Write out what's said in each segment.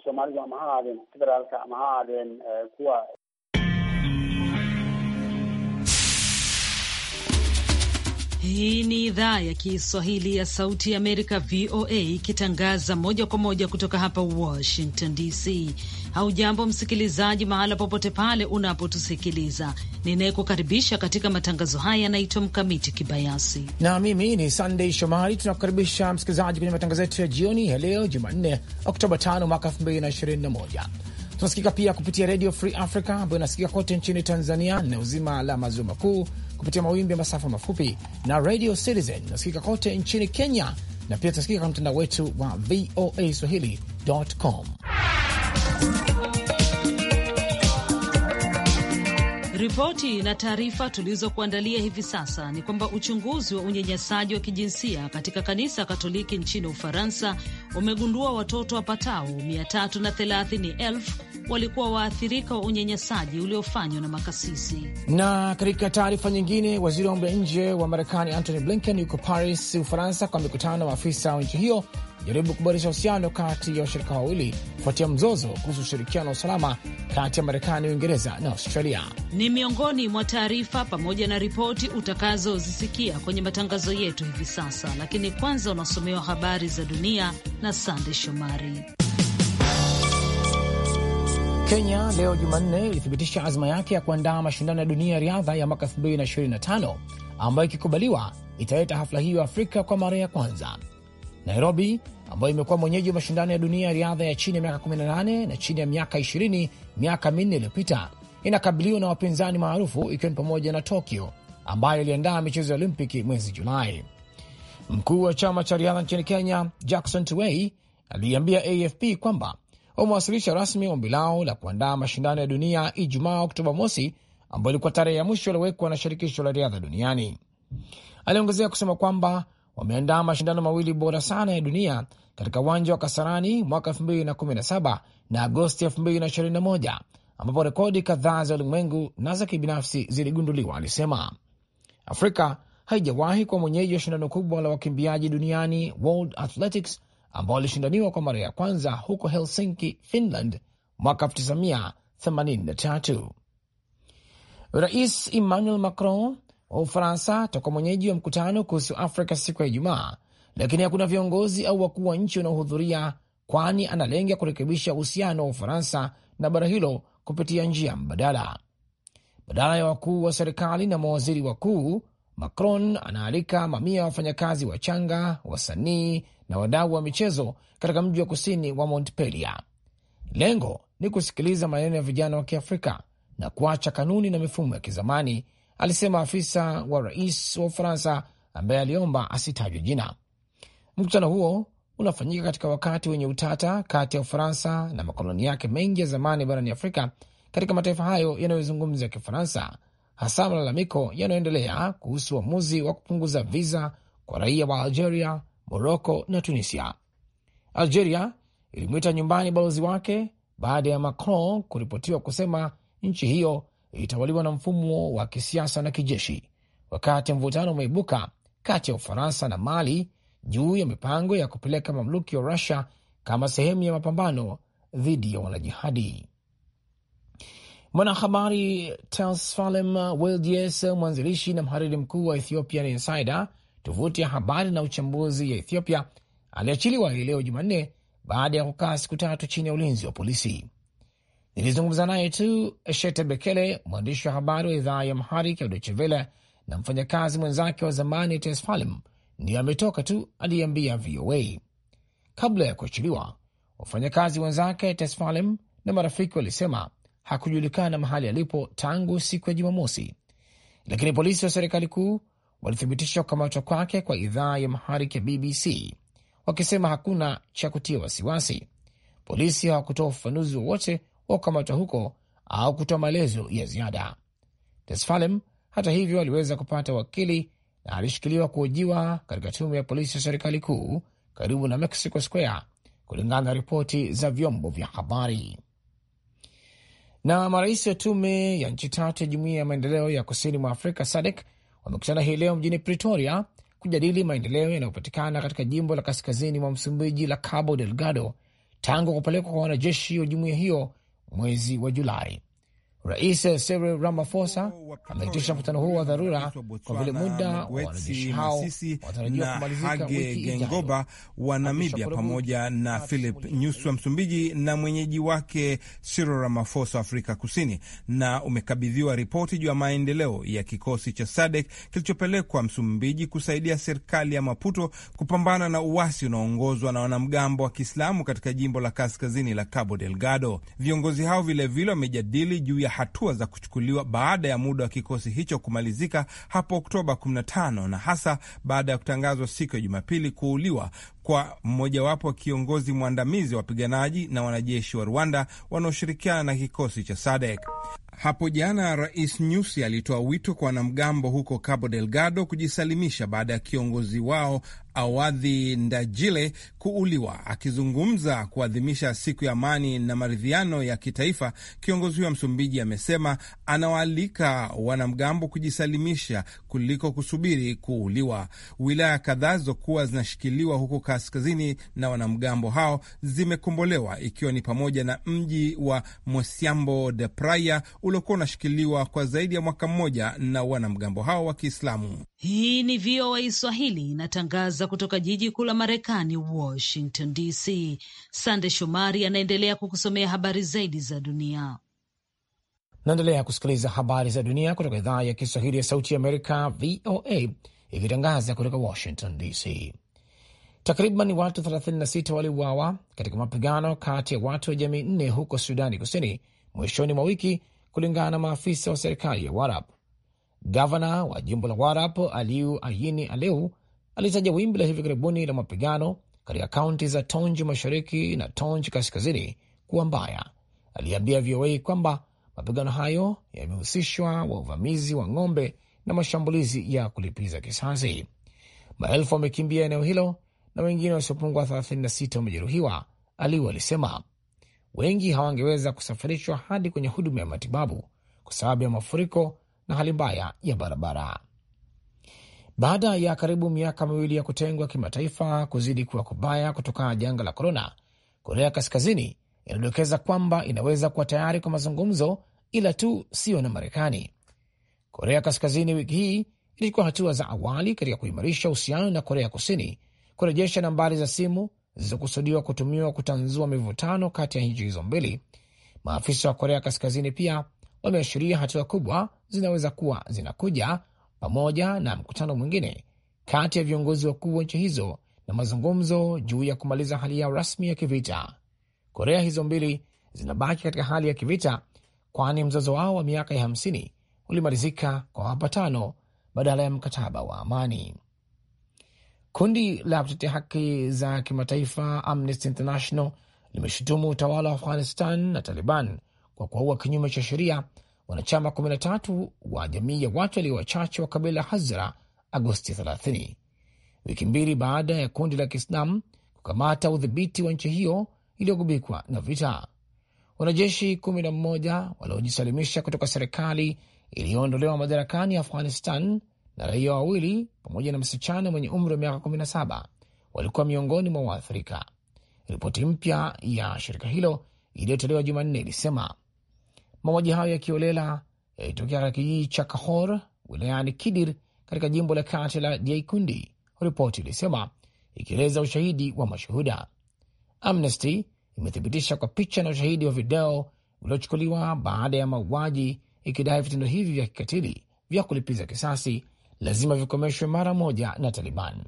soomaalida ama ha ahaadeen federaalka ama ha ahaadeen kuwa Hii ni idhaa ya Kiswahili ya Sauti ya Amerika, VOA, ikitangaza moja kwa moja kutoka hapa Washington DC. Haujambo msikilizaji, mahala popote pale unapotusikiliza. Ninayekukaribisha katika matangazo haya yanaitwa Mkamiti Kibayasi na mimi ni Sandey Shomari. Tunakukaribisha msikilizaji kwenye matangazo yetu ya jioni ya leo Jumanne, Oktoba 5 mwaka 2021. Tunasikika pia kupitia Redio Free Africa ambayo inasikika kote nchini Tanzania na uzima la maziwa makuu kupitia mawimbi ya masafa mafupi na Radio Citizen nasikika kote nchini Kenya na pia tunasikika kwa mtandao wetu wa VOA Swahili.com. Ripoti na taarifa tulizokuandalia hivi sasa ni kwamba uchunguzi wa unyanyasaji wa kijinsia katika kanisa Katoliki nchini Ufaransa umegundua watoto wapatao 330,000 walikuwa waathirika wa unyanyasaji uliofanywa na makasisi. Na katika taarifa nyingine, waziri wa mambo ya nje wa Marekani Antony Blinken yuko Paris, Ufaransa, kwa mikutano na maafisa wa nchi hiyo jaribu kuboresha uhusiano kati ya washirika wawili kufuatia mzozo kuhusu ushirikiano wa usalama kati ya Marekani, Uingereza na Australia. Ni miongoni mwa taarifa pamoja na ripoti utakazozisikia kwenye matangazo yetu hivi sasa, lakini kwanza unasomewa habari za dunia na Sande Shomari. Kenya leo Jumanne ilithibitisha azma yake ya kuandaa mashindano ya dunia ya riadha ya mwaka 2025 ambayo ikikubaliwa italeta hafla hiyo Afrika kwa mara ya kwanza. Nairobi ambayo imekuwa mwenyeji wa mashindano ya dunia ya riadha ya chini ya miaka 18 na chini ya miaka 20 miaka minne iliyopita, inakabiliwa na wapinzani maarufu ikiwa ni pamoja na Tokyo ambayo iliandaa michezo ya Olimpiki mwezi Julai. Mkuu wa chama cha riadha nchini Kenya Jackson Tuwei aliiambia AFP kwamba wamewasilisha rasmi ombi lao la kuandaa mashindano ya dunia Ijumaa Oktoba mosi, ambayo ilikuwa tarehe ya mwisho aliowekwa na shirikisho la riadha duniani. Aliongezea kusema kwamba wameandaa mashindano mawili bora sana ya dunia katika uwanja wa Kasarani mwaka 2017 na, na Agosti 2021 ambapo rekodi kadhaa za ulimwengu na za kibinafsi ziligunduliwa. Alisema Afrika haijawahi kuwa mwenyeji wa shindano kubwa la wakimbiaji duniani World Athletics ambao alishindaniwa kwa mara ya kwanza huko Helsinki, Finland mwaka 1983. Rais Emmanuel Macron wa Ufaransa atakuwa mwenyeji wa mkutano kuhusu Afrika siku ya Ijumaa, lakini hakuna viongozi au wakuu wa nchi wanaohudhuria, kwani analenga kurekebisha uhusiano wa Ufaransa na bara hilo kupitia njia mbadala. Badala ya wakuu wa serikali na mawaziri wakuu Macron anaalika mamia ya wafanyakazi wachanga, wasanii na wadau wa michezo katika mji wa kusini wa Montpellier. Lengo ni kusikiliza maneno ya vijana wa Kiafrika na kuacha kanuni na mifumo ya kizamani, alisema afisa wa rais wa Ufaransa ambaye aliomba asitajwe jina. Mkutano huo unafanyika katika wakati wenye utata kati ya Ufaransa na makoloni yake mengi ya zamani barani Afrika katika mataifa hayo yanayozungumza Kifaransa hasa malalamiko yanayoendelea kuhusu uamuzi wa kupunguza viza kwa raia wa Algeria, Moroko na Tunisia. Algeria ilimwita nyumbani balozi wake baada ya Macron kuripotiwa kusema nchi hiyo ilitawaliwa na mfumo wa kisiasa na kijeshi, wakati mvutano umeibuka kati ya Ufaransa na Mali juu ya mipango ya kupeleka mamluki wa Rusia kama sehemu ya mapambano dhidi ya wanajihadi. Mwanahabari Tesfalem uh, Weldies, uh, mwanzilishi na mhariri mkuu wa Ethiopian Insider, tovuti ya habari na uchambuzi ya Ethiopia, aliachiliwa hii leo Jumanne baada ya kukaa siku tatu chini ya ulinzi wa polisi. Nilizungumza naye tu Eshete Bekele, mwandishi wa habari wa idhaa ya Amharic ya Deutsche Welle na mfanyakazi mwenzake wa zamani Tesfalem, ndiyo ametoka tu, aliyeambia VOA. Kabla ya kuachiliwa, wafanyakazi wenzake Tesfalem na marafiki walisema hakujulikana mahali alipo tangu siku ya Jumamosi, lakini polisi wa serikali kuu walithibitisha kukamatwa kwake kwa idhaa ya Mahariki ya BBC wakisema hakuna cha kutia wasiwasi. Polisi hawakutoa ufafanuzi wowote wa kukamatwa huko au kutoa maelezo ya ziada. Tesfalem hata hivyo aliweza kupata wakili na alishikiliwa kuhojiwa katika tume ya polisi ya serikali kuu karibu na Mexico Square, kulingana na ripoti za vyombo vya habari. Na marais wa tume ya nchi tatu ya jumuiya ya maendeleo ya kusini mwa Afrika SADC wamekutana hii leo mjini Pretoria kujadili maendeleo yanayopatikana katika jimbo la kaskazini mwa Msumbiji la Cabo Delgado tangu kupelekwa kwa wanajeshi wa jumuiya hiyo mwezi wa Julai. Rais Cyril Ramaphosa ameitisha mkutano huo wa dharura kwa vile muda wa wanajeshi hao kumalizika Gengoba wa Namibia pamoja na Philip Nyusi Msumbiji na mwenyeji wake Cyril Ramaphosa Afrika Kusini, na umekabidhiwa ripoti juu ya maendeleo ya kikosi cha SADC kilichopelekwa Msumbiji kusaidia serikali ya Maputo kupambana na uasi unaoongozwa na wanamgambo wa Kiislamu katika jimbo la kaskazini la Cabo Delgado. Viongozi hao vilevile wamejadili juu ya hatua za kuchukuliwa baada ya muda wa kikosi hicho kumalizika hapo Oktoba 15 na hasa baada ya kutangazwa siku ya Jumapili kuuliwa kwa mmojawapo wa kiongozi mwandamizi wa wapiganaji na wanajeshi wa Rwanda wanaoshirikiana na kikosi cha SADEK. Hapo jana Rais Nyusi alitoa wito kwa wanamgambo huko Cabo Delgado kujisalimisha baada ya kiongozi wao Awadhi Ndajile kuuliwa. Akizungumza kuadhimisha siku ya amani na maridhiano ya kitaifa, kiongozi huyo wa Msumbiji amesema anawaalika wanamgambo kujisalimisha kuliko kusubiri kuuliwa. Wilaya kadhaa zizokuwa zinashikiliwa huko kaskazini na wanamgambo hao zimekombolewa, ikiwa ni pamoja na mji wa Mosiambo de Praia uliokuwa unashikiliwa kwa zaidi ya mwaka mmoja na wanamgambo hao wa Kiislamu. Hii ni VOA Swahili inatangaza Tunatangaza kutoka jiji kuu la Marekani, Washington DC. Sande Shomari anaendelea kukusomea habari zaidi za dunia. Naendelea kusikiliza habari za dunia kutoka idhaa ya Kiswahili ya Sauti ya Amerika, VOA, ikitangaza kutoka Washington DC. Takriban watu 36 waliuawa katika mapigano kati ya watu wa jamii nne huko Sudani Kusini mwishoni mwa wiki, kulingana na maafisa wa serikali ya Warap. Gavana wa jimbo la Warap Aliu Ayini Aleu alitaja wimbi la hivi karibuni la mapigano katika kaunti za Tonji mashariki na Tonji kaskazini kuwa mbaya. Aliambia VOA kwamba mapigano hayo yamehusishwa wa uvamizi wa ng'ombe na mashambulizi ya kulipiza kisasi. Maelfu wamekimbia eneo hilo na wengine wasiopungua 36 wamejeruhiwa, Aliu alisema. Wengi hawangeweza kusafirishwa hadi kwenye huduma ya matibabu kwa sababu ya mafuriko na hali mbaya ya barabara. Baada ya karibu miaka miwili ya kutengwa kimataifa kuzidi kuwa kubaya kutokana na janga la korona, Korea Kaskazini inadokeza kwamba inaweza kuwa tayari kwa mazungumzo, ila tu sio na Marekani. Korea Kaskazini wiki hii ilichukua hatua za awali katika kuimarisha uhusiano na Korea Kusini, kurejesha nambari za simu zilizokusudiwa kutumiwa kutanzua mivutano kati ya nchi hizo mbili. Maafisa wa Korea Kaskazini pia wameashiria hatua kubwa zinaweza kuwa zinakuja pamoja na mkutano mwingine kati ya viongozi wakuu wa nchi hizo na mazungumzo juu ya kumaliza hali yao rasmi ya kivita. Korea hizo mbili zinabaki katika hali ya kivita, kwani mzozo wao wa miaka ya 50 ulimalizika kwa mapatano badala ya mkataba wa amani. Kundi la kutetea haki za kimataifa Amnesty International limeshutumu utawala wa Afghanistan na Taliban kwa kuwaua kinyume cha sheria wanachama 13 wa jamii ya watu walio wachache wa kabila Hazara Agosti 30, wiki mbili baada ya kundi la kiislam kukamata udhibiti wa nchi hiyo iliyogubikwa na vita. Wanajeshi 11 waliojisalimisha kutoka serikali iliyoondolewa madarakani Afghanistan na raia wawili pamoja na msichana mwenye umri wa miaka 17 walikuwa miongoni mwa waathirika. Ripoti mpya ya shirika hilo iliyotolewa Jumanne ilisema Mauaji hayo ya kiolela yalitokea katika kijiji cha Kahor wilayani Kidir katika jimbo la kati la Jaikundi, ripoti ilisema ikieleza ushahidi wa mashuhuda. Amnesty imethibitisha kwa picha na ushahidi wa video uliochukuliwa baada ya mauaji, ikidai vitendo hivi vya kikatili vya kulipiza kisasi lazima vikomeshwe mara moja na Taliban.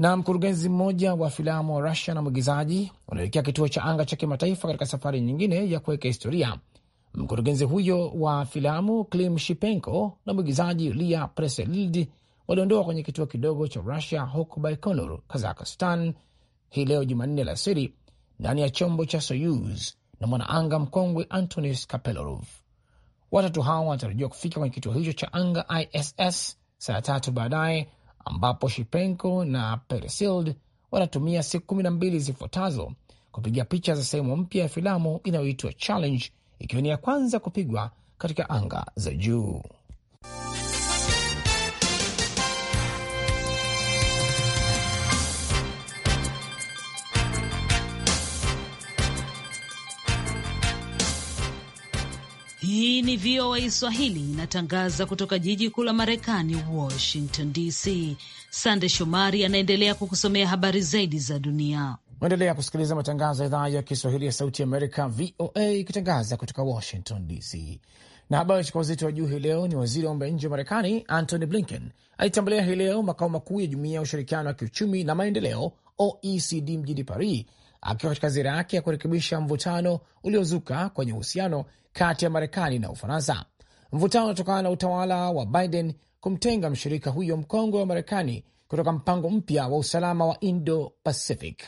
Na mkurugenzi mmoja wa filamu wa Rusia na mwigizaji wanaelekea kituo cha anga cha kimataifa katika safari nyingine ya kuweka historia. Mkurugenzi huyo wa filamu Klim Shipenko na mwigizaji Lia Preselid waliondoka kwenye kituo kidogo cha Rusia huko Baikonur, Kazakistan hii leo Jumanne la siri ndani ya chombo cha Soyuz na mwanaanga mkongwe Antonis Kapelorov. Watatu hao wanatarajiwa kufika kwenye kituo hicho cha anga ISS saa tatu baadaye ambapo Shipenko na Peresild wanatumia siku kumi na mbili zifuatazo kupiga picha za sehemu mpya ya filamu inayoitwa Challenge, ikiwa ni ya kwanza kupigwa katika anga za juu. Hii ni VOA Swahili inatangaza kutoka jiji kuu la Marekani, Washington DC. Sande Shomari anaendelea kukusomea habari zaidi za dunia. endelea kusikiliza matangazo ya idhaa ya Kiswahili ya Sauti Amerika, VOA, ikitangaza kutoka Washington DC. Na habari chukua uzito wa juu hii leo ni waziri wa mambo ya nje wa Marekani Antony Blinken alitembelea hii leo makao makuu ya jumuia ya Ushirikiano wa Kiuchumi na Maendeleo, OECD, mjini Paris akiwa katika ziara yake ya kurekebisha mvutano uliozuka kwenye uhusiano kati ya Marekani na Ufaransa. Mvutano unatokana na utawala wa Biden kumtenga mshirika huyo mkongwe wa Marekani kutoka mpango mpya wa usalama wa Indo Pacific.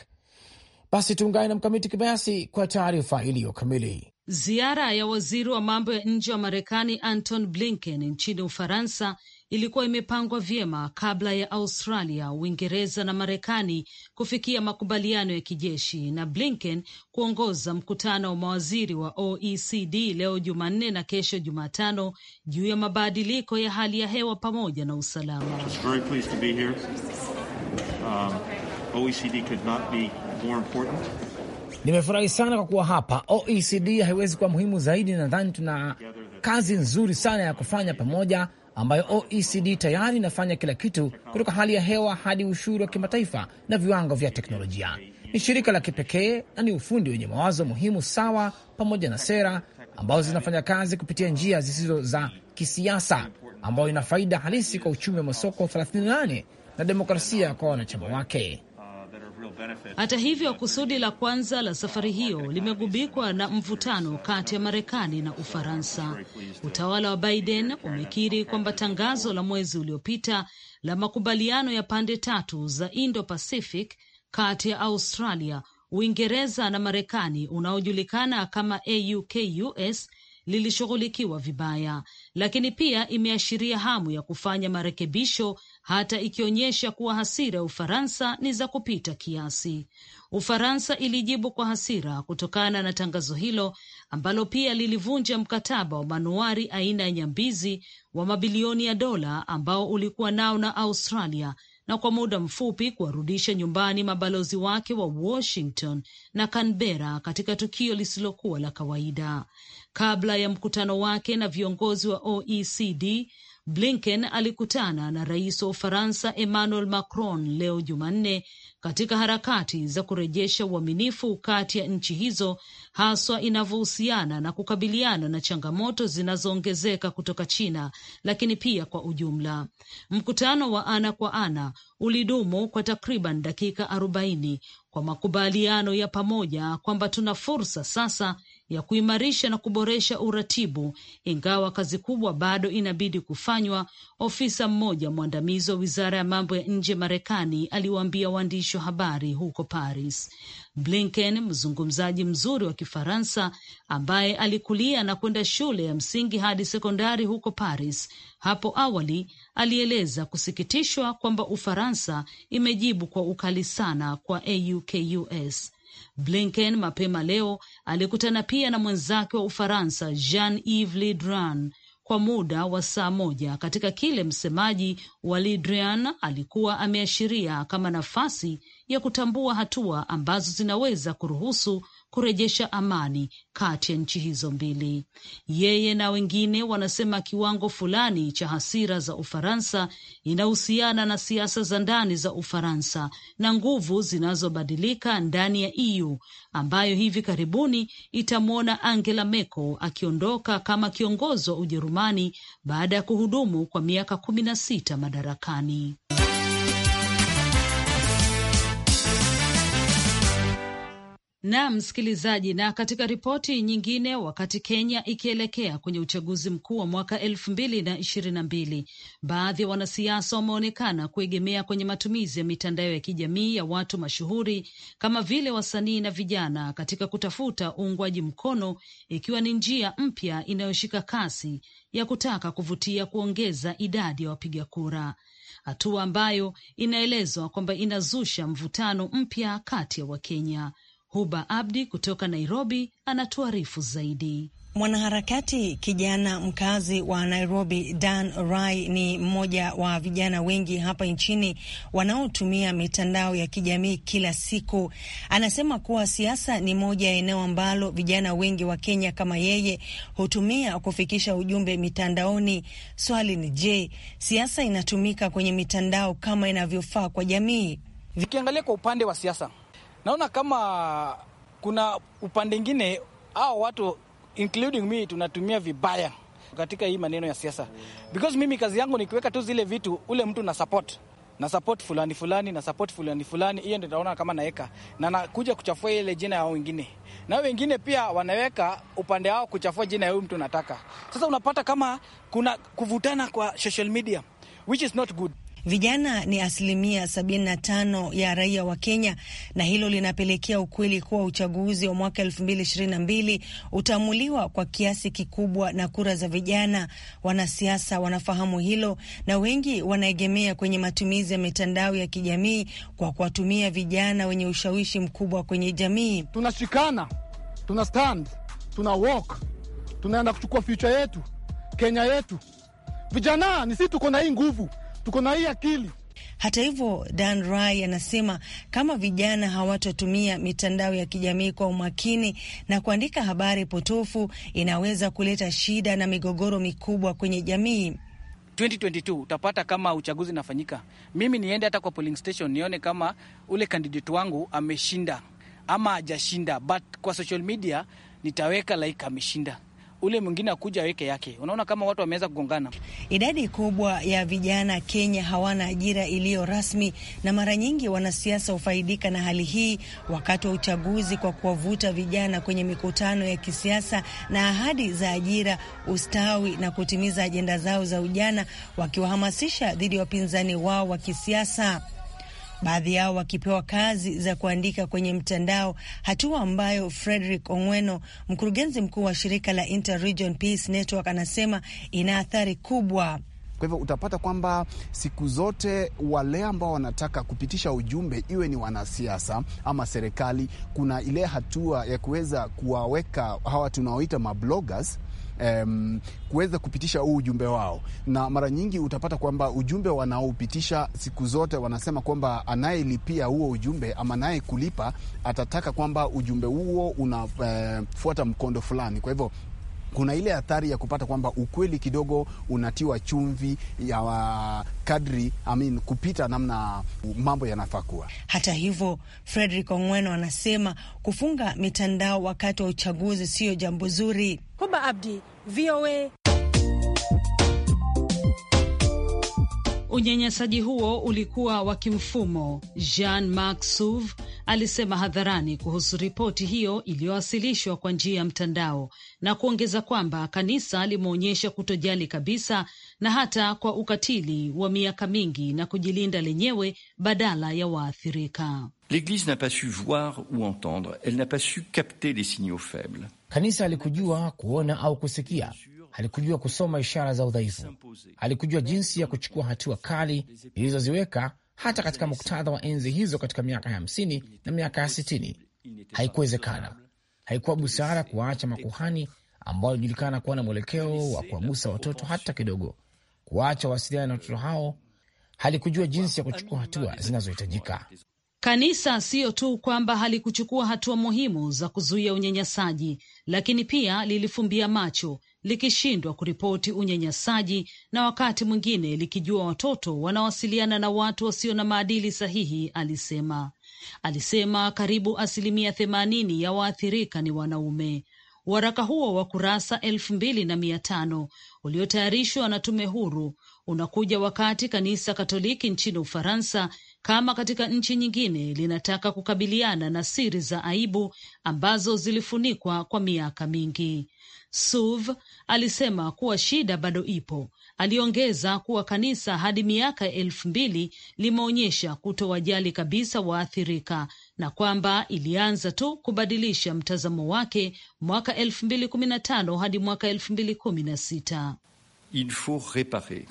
Basi tuungane na Mkamiti Kibayasi kwa taarifa iliyo kamili. Ziara ya waziri wa mambo ya nje wa Marekani Anton Blinken nchini Ufaransa ilikuwa imepangwa vyema kabla ya Australia, Uingereza na Marekani kufikia makubaliano ya kijeshi na Blinken kuongoza mkutano wa mawaziri wa OECD leo Jumanne na kesho Jumatano juu ya mabadiliko ya hali ya hewa pamoja na usalama. Um, e Nimefurahi sana kwa kuwa hapa. OECD haiwezi kuwa muhimu zaidi. Nadhani tuna kazi nzuri sana ya kufanya pamoja ambayo OECD tayari inafanya kila kitu kutoka hali ya hewa hadi ushuru wa kimataifa na viwango vya teknolojia. Ni shirika la kipekee na ni ufundi wenye mawazo muhimu sawa, pamoja na sera ambazo zinafanya kazi kupitia njia zisizo za kisiasa, ambayo ina faida halisi kwa uchumi wa masoko 38 na demokrasia kwa wanachama wake. Hata hivyo, kusudi la kwanza la safari hiyo limegubikwa na mvutano kati ya Marekani na Ufaransa. Utawala wa Biden umekiri kwamba tangazo la mwezi uliopita la makubaliano ya pande tatu za Indo-Pacific kati ya Australia, Uingereza na Marekani unaojulikana kama AUKUS lilishughulikiwa vibaya, lakini pia imeashiria hamu ya kufanya marekebisho hata ikionyesha kuwa hasira ya Ufaransa ni za kupita kiasi. Ufaransa ilijibu kwa hasira kutokana na tangazo hilo ambalo pia lilivunja mkataba wa manuari aina ya nyambizi wa mabilioni ya dola ambao ulikuwa nao na Australia na kwa muda mfupi kuwarudisha nyumbani mabalozi wake wa Washington na Canberra katika tukio lisilokuwa la kawaida. Kabla ya mkutano wake na viongozi wa OECD, Blinken alikutana na rais wa Ufaransa Emmanuel Macron leo Jumanne katika harakati za kurejesha uaminifu kati ya nchi hizo, haswa inavyohusiana na kukabiliana na changamoto zinazoongezeka kutoka China, lakini pia kwa ujumla. Mkutano wa ana kwa ana ulidumu kwa takriban dakika arobaini kwa makubaliano ya pamoja kwamba tuna fursa sasa ya kuimarisha na kuboresha uratibu, ingawa kazi kubwa bado inabidi kufanywa, ofisa mmoja mwandamizi wa wizara ya mambo ya nje Marekani aliwaambia waandishi wa habari huko Paris. Blinken, mzungumzaji mzuri wa Kifaransa ambaye alikulia na kwenda shule ya msingi hadi sekondari huko Paris, hapo awali alieleza kusikitishwa kwamba Ufaransa imejibu kwa ukali sana kwa AUKUS. Blinken mapema leo alikutana pia na mwenzake wa Ufaransa Jean-Yves Le Drian kwa muda wa saa moja katika kile msemaji wa Le Drian alikuwa ameashiria kama nafasi ya kutambua hatua ambazo zinaweza kuruhusu kurejesha amani kati ya nchi hizo mbili. Yeye na wengine wanasema kiwango fulani cha hasira za Ufaransa inahusiana na siasa za ndani za Ufaransa na nguvu zinazobadilika ndani ya EU ambayo hivi karibuni itamwona Angela Merkel akiondoka kama kiongozi wa Ujerumani baada ya kuhudumu kwa miaka kumi na sita madarakani. Na msikilizaji, na katika ripoti nyingine, wakati Kenya ikielekea kwenye uchaguzi mkuu wa mwaka elfu mbili na ishirini na mbili, baadhi ya wanasiasa wameonekana kuegemea kwenye matumizi ya mitandao ya kijamii ya watu mashuhuri kama vile wasanii na vijana katika kutafuta uungwaji mkono, ikiwa ni njia mpya inayoshika kasi ya kutaka kuvutia kuongeza idadi ya wapiga kura, hatua ambayo inaelezwa kwamba inazusha mvutano mpya kati ya Wakenya. Huba Abdi kutoka Nairobi anatuarifu zaidi. Mwanaharakati kijana mkazi wa Nairobi, Dan Rai, ni mmoja wa vijana wengi hapa nchini wanaotumia mitandao ya kijamii kila siku. Anasema kuwa siasa ni moja ya eneo ambalo vijana wengi wa Kenya kama yeye hutumia kufikisha ujumbe mitandaoni. Swali ni je, siasa inatumika kwenye mitandao kama inavyofaa kwa jamii? Vikiangalia kwa upande wa siasa naona kama kuna upande ingine hao watu including me tunatumia vibaya katika hii maneno ya siasa, because mimi kazi yangu ni kuweka tu zile vitu ule mtu na support na support fulani fulani na support fulani fulani, hiyo ndio naona kama naeka na nakuja kuchafua ile jina ya wengine, na wengine pia wanaweka upande wao kuchafua jina ya huyu mtu nataka. Sasa unapata kama kuna kuvutana kwa social media which is not good. Vijana ni asilimia 75 ya raia wa Kenya, na hilo linapelekea ukweli kuwa uchaguzi wa mwaka 2022 utaamuliwa kwa kiasi kikubwa na kura za vijana. Wanasiasa wanafahamu hilo, na wengi wanaegemea kwenye matumizi ya mitandao ya kijamii kwa kuwatumia vijana wenye ushawishi mkubwa kwenye jamii. Tunashikana, tuna stand, tuna walk, tunaenda kuchukua future yetu, Kenya yetu. Vijana ni sisi, tuko na hii nguvu tuko na hii akili. Hata hivyo, Dan Rai anasema kama vijana hawatatumia mitandao ya kijamii kwa umakini na kuandika habari potofu, inaweza kuleta shida na migogoro mikubwa kwenye jamii. 2022 utapata kama uchaguzi unafanyika, mimi niende hata kwa polling station nione kama ule kandidati wangu ameshinda ama ajashinda, but kwa social media nitaweka like ameshinda ule mwingine akuja aweke yake. Unaona kama watu wameweza kugongana. Idadi kubwa ya vijana Kenya hawana ajira iliyo rasmi, na mara nyingi wanasiasa hufaidika na hali hii wakati wa uchaguzi kwa kuwavuta vijana kwenye mikutano ya kisiasa na ahadi za ajira, ustawi na kutimiza ajenda zao za ujana, wakiwahamasisha dhidi ya wapinzani wao wa kisiasa baadhi yao wakipewa kazi za kuandika kwenye mtandao, hatua ambayo Frederick Ongweno, mkurugenzi mkuu wa shirika la Interregion Peace Network, anasema ina athari kubwa. Kwa hivyo utapata kwamba siku zote wale ambao wanataka kupitisha ujumbe, iwe ni wanasiasa ama serikali, kuna ile hatua ya kuweza kuwaweka hawa tunaoita mabloggers um, kuweza kupitisha huu ujumbe wao, na mara nyingi utapata kwamba ujumbe wanaopitisha siku zote wanasema kwamba anayelipia huo ujumbe ama naye kulipa atataka kwamba ujumbe huo unafuata eh, uh, mkondo fulani. Kwa hivyo kuna ile hatari ya kupata kwamba ukweli kidogo unatiwa chumvi ya kadri I mean, kupita namna mambo yanafaa kuwa. Hata hivyo, Frederick Ongweno anasema kufunga mitandao wakati wa uchaguzi siyo jambo zuri. Huba Abdi, VOA. Unyanyasaji huo ulikuwa wa kimfumo. Jean Marc Suve alisema hadharani kuhusu ripoti hiyo iliyowasilishwa kwa njia ya mtandao na kuongeza kwamba kanisa limeonyesha kutojali kabisa na hata kwa ukatili wa miaka mingi na kujilinda lenyewe badala ya waathirika. L'Eglise n'a pas su voir ou entendre, elle n'a pas su capter les signaux faibles. Kanisa alikujua kuona au kusikia, alikujua kusoma ishara za udhaifu, alikujua jinsi ya kuchukua hatua kali ilizoziweka hata katika muktadha wa enzi hizo katika miaka ya hamsini na miaka ya sitini. Haikuwezekana, haikuwa busara kuwaacha makuhani ambao walijulikana kuwa na mwelekeo wa kuwagusa watoto hata kidogo, kuwaacha wasiliana na watoto hao. Halikujua jinsi ya kuchukua hatua zinazohitajika. Kanisa siyo tu kwamba halikuchukua hatua muhimu za kuzuia unyanyasaji, lakini pia lilifumbia macho likishindwa kuripoti unyanyasaji na wakati mwingine likijua watoto wanawasiliana na watu wasio na maadili sahihi, alisema. Alisema karibu asilimia themanini ya waathirika ni wanaume. Waraka huo wa kurasa elfu mbili na mia tano uliotayarishwa na tume huru unakuja wakati kanisa Katoliki nchini Ufaransa kama katika nchi nyingine linataka kukabiliana na siri za aibu ambazo zilifunikwa kwa miaka mingi. Suv alisema kuwa shida bado ipo. Aliongeza kuwa kanisa hadi miaka elfu mbili limeonyesha kutowajali kabisa waathirika na kwamba ilianza tu kubadilisha mtazamo wake mwaka elfu mbili kumi na tano hadi mwaka elfu mbili kumi na sita. Il faut reparer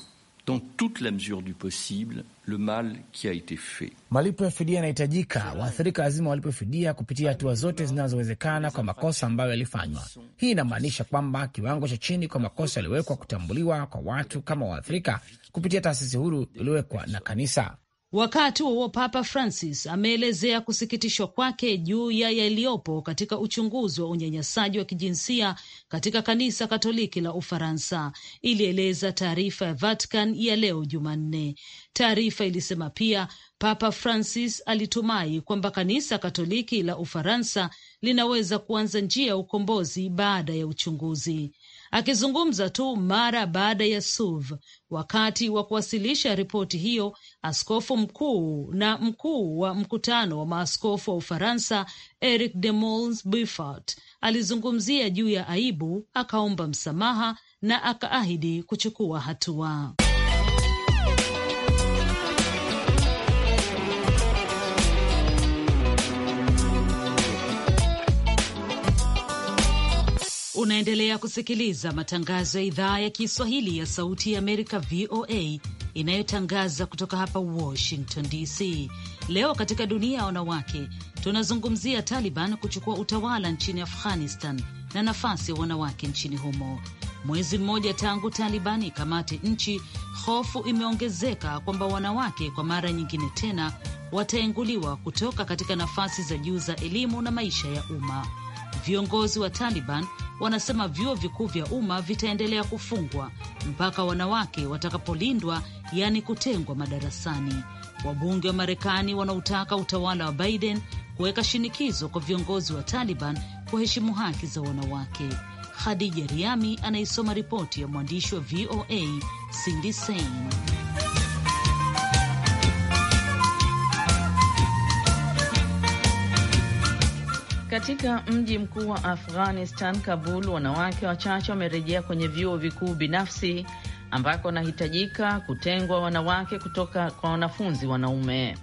dans toute la mesure du possible le mal qui a été fait. Malipo ya fidia yanahitajika. Waathirika lazima walipe fidia kupitia hatua zote zinazowezekana kwa makosa ambayo yalifanywa. Hii inamaanisha kwamba kiwango cha chini kwa makosa yaliyowekwa kutambuliwa kwa watu kama waathirika kupitia taasisi huru iliyowekwa na kanisa. Wakati huo Papa Francis ameelezea kusikitishwa kwake juu ya yaliyopo katika uchunguzi wa unyanyasaji wa kijinsia katika kanisa Katoliki la Ufaransa, ilieleza taarifa ya Vatican ya leo Jumanne. Taarifa ilisema pia Papa Francis alitumai kwamba kanisa Katoliki la Ufaransa linaweza kuanza njia ya ukombozi baada ya uchunguzi. Akizungumza tu mara baada ya SUV wakati wa kuwasilisha ripoti hiyo, askofu mkuu na mkuu wa mkutano wa maaskofu wa Ufaransa Eric de Mols Beaufort alizungumzia juu ya aibu, akaomba msamaha na akaahidi kuchukua hatua. Unaendelea kusikiliza matangazo ya idhaa ya Kiswahili ya Sauti ya Amerika, VOA, inayotangaza kutoka hapa Washington DC. Leo katika dunia ya wanawake tunazungumzia Taliban kuchukua utawala nchini Afghanistan na nafasi ya wanawake nchini humo. Mwezi mmoja tangu Taliban ikamate nchi, hofu imeongezeka kwamba wanawake kwa mara nyingine tena wataenguliwa kutoka katika nafasi za juu za elimu na maisha ya umma. Viongozi wa Taliban wanasema vyuo vikuu vya umma vitaendelea kufungwa mpaka wanawake watakapolindwa, yaani kutengwa madarasani. Wabunge wa Marekani wanautaka utawala wa Biden kuweka shinikizo kwa viongozi wa Taliban kuheshimu haki za wanawake. Khadija Riami anaisoma ripoti ya mwandishi wa VOA Cindy Sein. Katika mji mkuu wa Afghanistan, Kabul, wanawake wachache wamerejea kwenye vyuo vikuu binafsi ambako wanahitajika kutengwa wanawake kutoka kwa wanafunzi wanaume.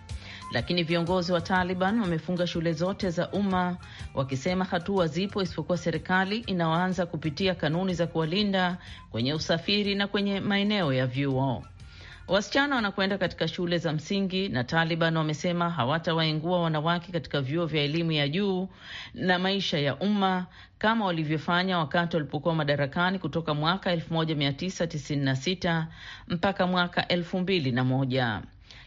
Lakini viongozi wa Taliban wamefunga shule zote za umma wakisema hatua zipo isipokuwa serikali inaanza kupitia kanuni za kuwalinda kwenye usafiri na kwenye maeneo ya vyuo. Wasichana wanakwenda katika shule za msingi na Taliban wamesema hawatawaingua wanawake katika vyuo vya elimu ya juu na maisha ya umma kama walivyofanya wakati walipokuwa madarakani kutoka mwaka 1996 mpaka mwaka 2001.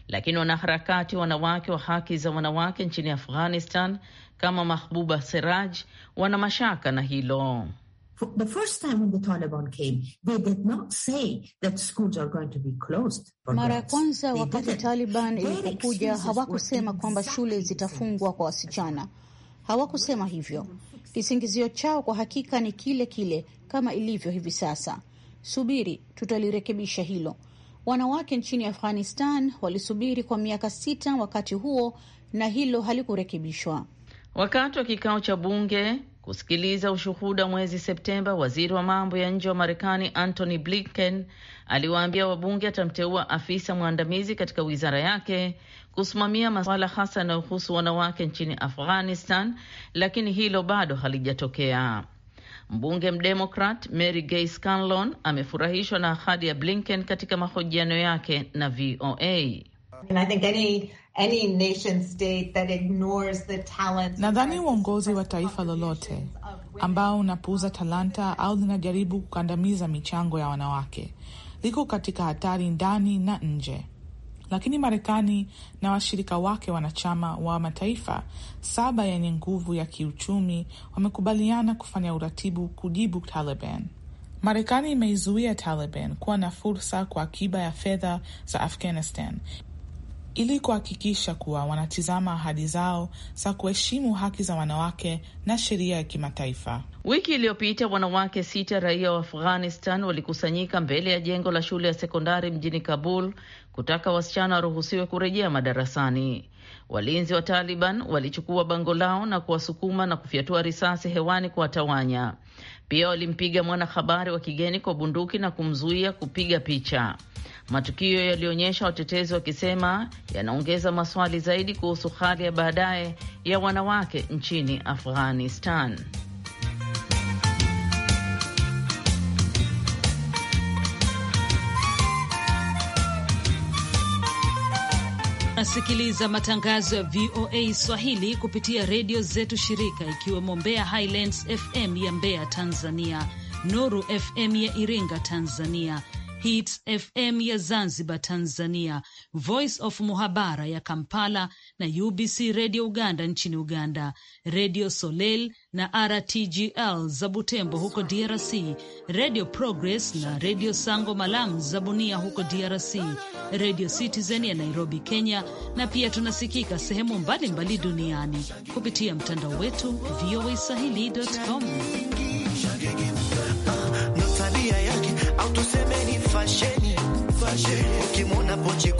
Lakini wanaharakati wanawake wa haki za wanawake nchini Afghanistan kama Mahbuba Seraj wana mashaka na hilo. The first time when the Taliban came, they did not say that schools are going to be closed. Mara ya kwanza wakati Taliban ilipokuja hawakusema kwamba shule zitafungwa kwa wasichana, hawakusema hivyo. Kisingizio chao kwa hakika ni kile kile kama ilivyo hivi sasa. Subiri, tutalirekebisha hilo. Wanawake nchini Afghanistan walisubiri kwa miaka sita wakati huo, na hilo halikurekebishwa. Wakati wa kikao cha bunge kusikiliza ushuhuda mwezi Septemba, waziri wa mambo ya nje wa Marekani Antony Blinken aliwaambia wabunge atamteua afisa mwandamizi katika wizara yake kusimamia masuala hasa yanayohusu wanawake nchini Afghanistan, lakini hilo bado halijatokea. Mbunge mdemokrat Mary Gay Scanlon amefurahishwa na ahadi ya Blinken katika mahojiano yake na VOA. And I think any Nadhani uongozi wa taifa lolote ambao unapuuza talanta au linajaribu kukandamiza michango ya wanawake liko katika hatari ndani na nje. Lakini Marekani na washirika wake wanachama wa mataifa saba yenye nguvu ya kiuchumi wamekubaliana kufanya uratibu kujibu Taliban. Marekani imeizuia Taliban kuwa na fursa kwa akiba ya fedha za Afghanistan ili kuhakikisha kuwa wanatizama ahadi zao za kuheshimu haki za wanawake na sheria ya kimataifa. Wiki iliyopita wanawake sita raia wa Afghanistan walikusanyika mbele ya jengo la shule ya sekondari mjini Kabul kutaka wasichana waruhusiwe kurejea madarasani. Walinzi wa Taliban walichukua bango lao na kuwasukuma na kufyatua risasi hewani kuwatawanya. Pia walimpiga mwanahabari wa kigeni kwa bunduki na kumzuia kupiga picha. Matukio yalionyesha watetezi wakisema yanaongeza maswali zaidi kuhusu hali ya baadaye ya wanawake nchini Afghanistan. Nasikiliza matangazo ya VOA Swahili kupitia redio zetu shirika, ikiwemo Mbeya Highlands FM ya Mbeya, Tanzania, Noru FM ya Iringa, Tanzania, Hits FM ya Zanzibar Tanzania, Voice of Muhabara ya Kampala na UBC Radio Uganda nchini Uganda, Radio Soleil na RTGL za Butembo huko DRC, Radio Progress na Radio Sango malam za Bunia huko DRC, Radio Citizen ya Nairobi, Kenya, na pia tunasikika sehemu mbalimbali duniani kupitia mtandao wetu voaswahili.com. fasheni ukimwona pochi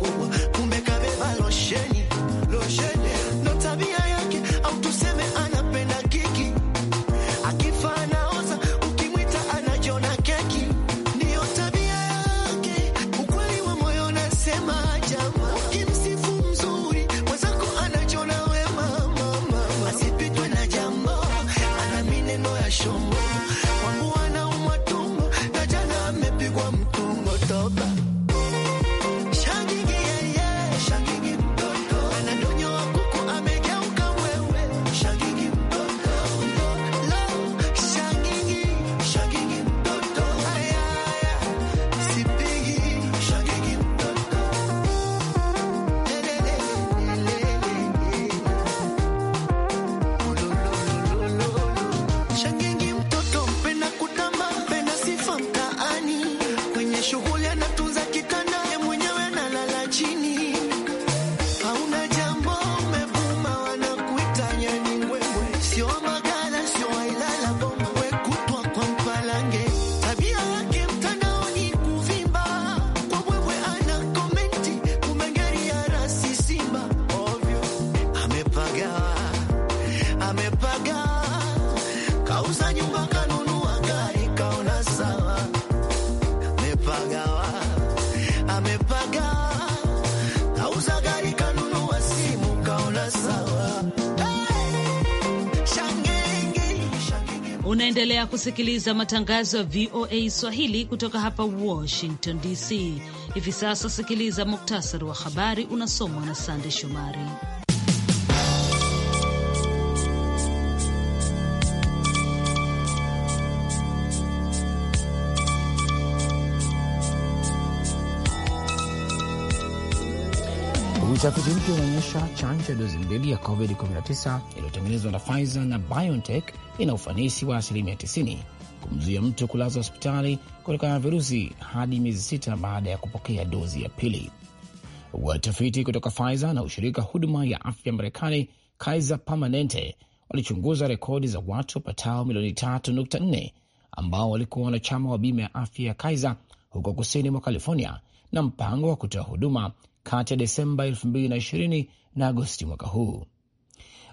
kusikiliza matangazo ya VOA Swahili kutoka hapa Washington DC. Hivi sasa sikiliza muktasari wa habari unasomwa na Sande Shomari. Utafiti mpya unaonyesha chanjo ya dozi mbili ya COVID-19 iliyotengenezwa na Pfizer na BioNTech ina ufanisi wa asilimia 90 kumzuia mtu kulazwa hospitali kutokana na virusi hadi miezi sita baada ya kupokea dozi ya pili. Watafiti kutoka Pfizer na ushirika huduma ya afya Marekani Kaiser Permanente walichunguza rekodi za watu wapatao milioni 3.4 ambao walikuwa wanachama wa bima ya afya ya Kaiser huko kusini mwa California na mpango wa kutoa huduma kati ya Desemba 2020 na Agosti mwaka huu.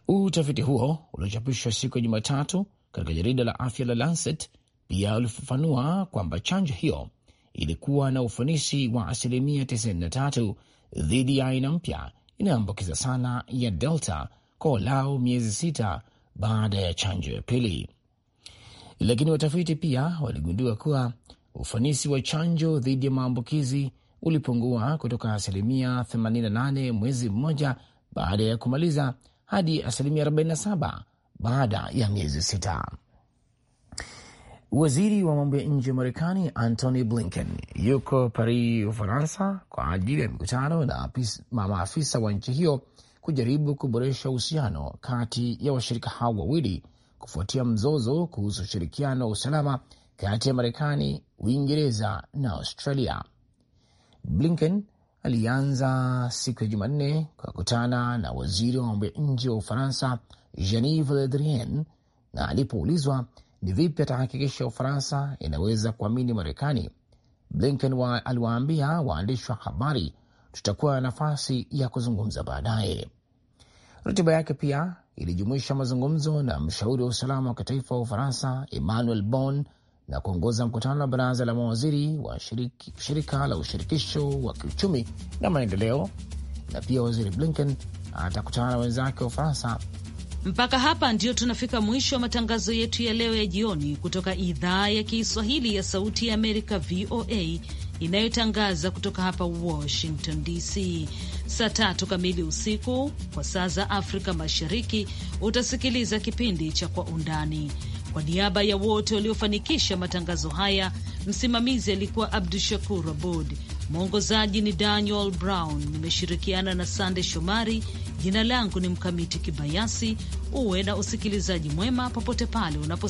Utafiti huo uliochapishwa siku ya Jumatatu katika jarida la afya la Lancet pia ulifafanua kwamba chanjo hiyo ilikuwa na ufanisi wa asilimia 93 dhidi ya aina mpya inayoambukiza sana ya Delta kwa walau miezi sita baada ya chanjo ya pili. Lakini watafiti pia waligundua kuwa ufanisi wa chanjo dhidi ya maambukizi ulipungua kutoka asilimia 88 mwezi mmoja baada ya kumaliza hadi asilimia 47 baada ya miezi sita. Waziri wa mambo ya nje wa Marekani Antony Blinken yuko Paris, Ufaransa, kwa ajili ya mikutano na maafisa wa nchi hiyo kujaribu kuboresha uhusiano kati ya washirika hao wawili kufuatia mzozo kuhusu ushirikiano wa usalama kati ya Marekani, Uingereza na Australia Blinken alianza siku ya Jumanne kwa kutana na waziri wa mambo ya nje wa Ufaransa Jean-Yves Le Drian, na alipoulizwa ni vipi atahakikisha Ufaransa inaweza kuamini Marekani, Blinken wa aliwaambia waandishi wa habari, tutakuwa na nafasi ya kuzungumza baadaye. Ratiba yake pia ilijumuisha mazungumzo na mshauri wa usalama wa kitaifa wa Ufaransa Emmanuel Bon na kuongoza mkutano wa baraza la mawaziri wa shiriki, shirika la ushirikisho wa kiuchumi na maendeleo. Na pia waziri Blinken atakutana na wenzake wa Ufaransa. Mpaka hapa ndio tunafika mwisho wa matangazo yetu ya leo ya jioni kutoka idhaa ya Kiswahili ya Sauti ya Amerika, VOA, inayotangaza kutoka hapa Washington DC. Saa tatu kamili usiku kwa saa za Afrika Mashariki utasikiliza kipindi cha Kwa Undani. Kwa niaba ya wote waliofanikisha matangazo haya, msimamizi alikuwa Abdu Shakur Abod, mwongozaji ni Daniel Brown, nimeshirikiana na Sande Shomari. Jina langu ni Mkamiti Kibayasi. Uwe na usikilizaji mwema popote pale unapo